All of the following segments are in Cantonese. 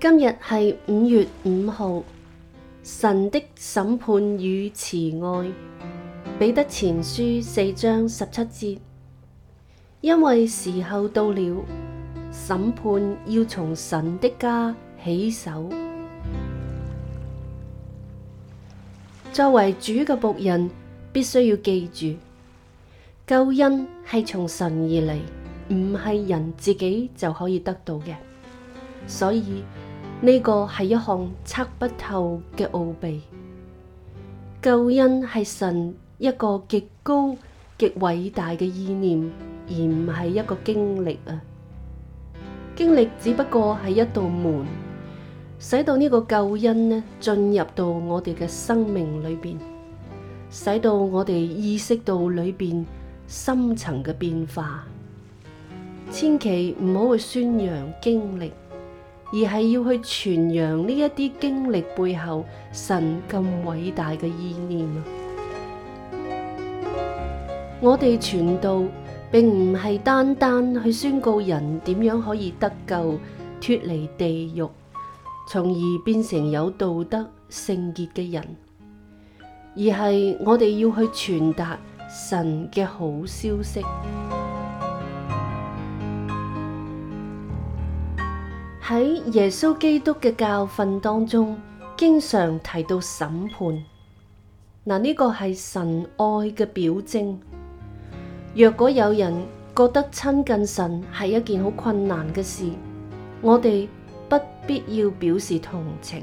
今日係五月五號，神的審判與慈愛，彼得前書四章十七節。因為時候到了，審判要從神的家起手。作為主嘅僕人，必須要記住，救恩係從神而嚟，唔係人自己就可以得到嘅，所以。呢個係一項測不透嘅奧秘，救恩係神一個極高、極偉大嘅意念，而唔係一個經歷啊！經歷只不過係一道門，使到呢個救恩呢進入到我哋嘅生命裏邊，使到我哋意識到裏邊深層嘅變化。千祈唔好去宣揚經歷。而係要去傳揚呢一啲經歷背後神咁偉大嘅意念。我哋傳道並唔係單單去宣告人點樣可以得救、脫離地獄，從而變成有道德、聖潔嘅人，而係我哋要去傳達神嘅好消息。喺耶穌基督嘅教訓當中，經常提到審判。嗱，呢個係神愛嘅表徵。若果有人覺得親近神係一件好困難嘅事，我哋不必要表示同情，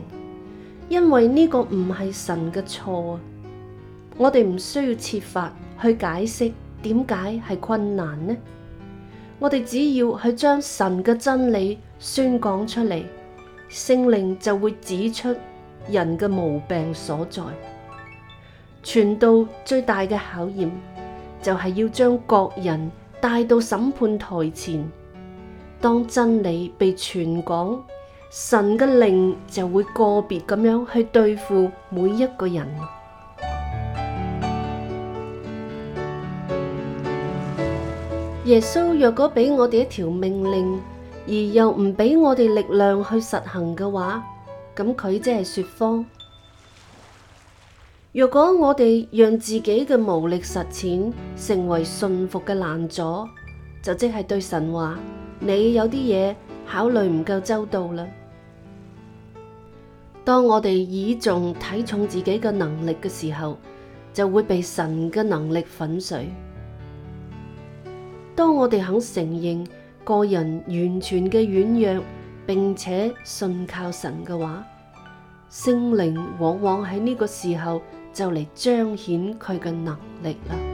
因為呢個唔係神嘅錯。我哋唔需要設法去解釋點解係困難呢。我哋只要去將神嘅真理。宣講出嚟，聖靈就會指出人嘅毛病所在。傳道最大嘅考驗，就係要將各人帶到審判台前。當真理被傳講，神嘅靈就會個別咁樣去對付每一個人。耶穌若果俾我哋一條命令，而又唔俾我哋力量去實行嘅話，咁佢即係說謊。如果我哋讓自己嘅無力實踐成為信服嘅攔阻，就即係對神話你有啲嘢考慮唔夠周到啦。當我哋倚重睇重自己嘅能力嘅時候，就會被神嘅能力粉碎。當我哋肯承認個人完全嘅軟弱，並且信靠神嘅話，聖靈往往喺呢個時候就嚟彰顯佢嘅能力啦。